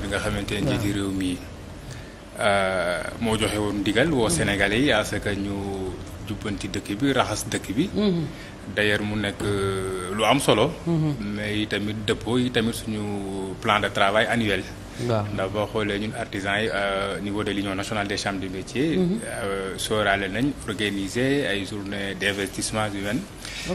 bi nga xamante ne njiiti réew mi euh, moo joxe woon ndigal woo mm-hmm. Sénégalais yi à ce que ñu jubbanti dëkk bi raxas dëkk bi. Mm-hmm. d'ailleurs mu nekk euh, lu am solo. Mm-hmm. mais tamit dëppoo yi tamit suñu plan de travail annuel. ndax boo xoolee ñun artisans yi euh, niveau de l'union nationale des chambres de métiers mhm. euh, sóoraale nañ organiser ay journée d'investissement humain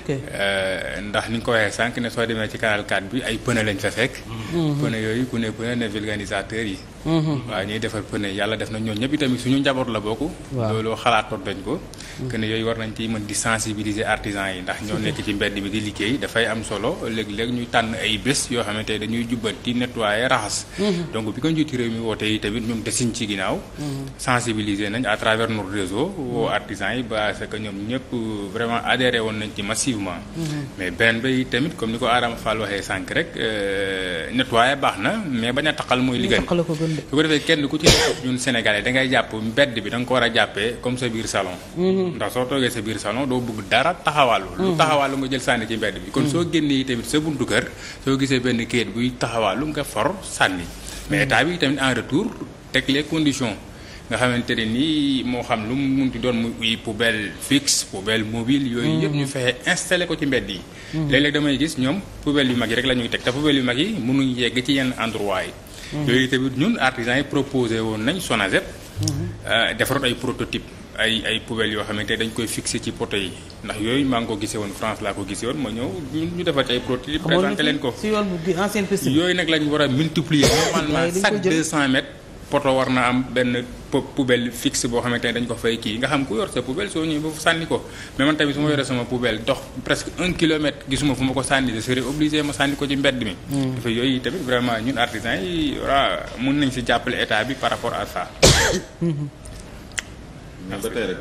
euh, ndax ni ñu ko waxee sànq ne soo demee ci canal 4 bi ay pneu lañ fa fekk mhm. pneu yooyu ku ne ne vulgarisateur yi Mm-hmm. waaw ñuy defar pneu yàlla def na ñooñu ñëpp itamit suñu njaboot la bokk loolu xalaatoon dañ ko mm-hmm. que ne yooyu war nañ ci mën di sensibiliser artisans yi ndax ñoo nekk ci mbedd mi di liggéey dafay am solo léeg-léeg ñu tànn ay bés yoo xamante ne dañuy jubbanti nettoyer raxas mm-hmm. donc bi ko njiitu réew mi woote yi tamit ñoom desiñ ci ginnaaw sensibiliser nañ à travers nos réseaux woo artisans yi ba que ñoom ñëpp vraiment adhéré woon nañ ci massivement mais beneen ba tamit comme ni ko Adama Fall waxee sànq rek euh, nettoyer baax na mais bañ a taqal mooy su ko defee kenn ku ci nekk ñun sénégal da ngay jàpp mbedd bi danga ko war a jàppee comme sa biir salon mhm. ndax soo toogee sa biir salon doo bëgg dara taxawaalu lu mhm. taxawaalu nga jël sànni ci mbedd bi kon mhm. soo génnee tamit sa buntu kër soo gisee benn kayit buy taxawaalu nga for sànni mais état bi tamit en retour teg les conditions nga xamante ne nii moo xam lu mu mun ti doon mu muy poubelle fixe poubelle mobile. yooyu yëpp ñu fexe installé ko ci mbedd yi. léeg-léeg damay gis ñoom poubelle yu mag yi la ñuy teg te poubelle yu mag yi mënuñ yegg ci yenn endroit yi. Mmh. yooyu tamit ñun artisans yi proposé woon nañ Sonazep mmh. euh, defaroon ay prototype ay ay poubelles yoo xamante dañ koy fixé ci poto yi ndax yooyu maa ngi ko gisee woon France laa ko gisee woon ma ñëw ñu defar ci ay prototype présenté leen ko yooyu nag lañ war a multiplier normalement chaque 200 mètres poto war na am benn poubelle fixe boo xamante ne dañ ko fay kii nga xam ku yor sa poubelle soo ñëwee ba fu sànni ko mais tamit su ma yoree sama poubelle dox presque un kilomètre gisuma fu ma ko sànni je serais obligé ma sànni ko ci mbedd mi. Hmm. dafa yooyu tamit vraiment ñun artisans yi voilà mun nañ si jàppale état bi par rapport à ça. ba tey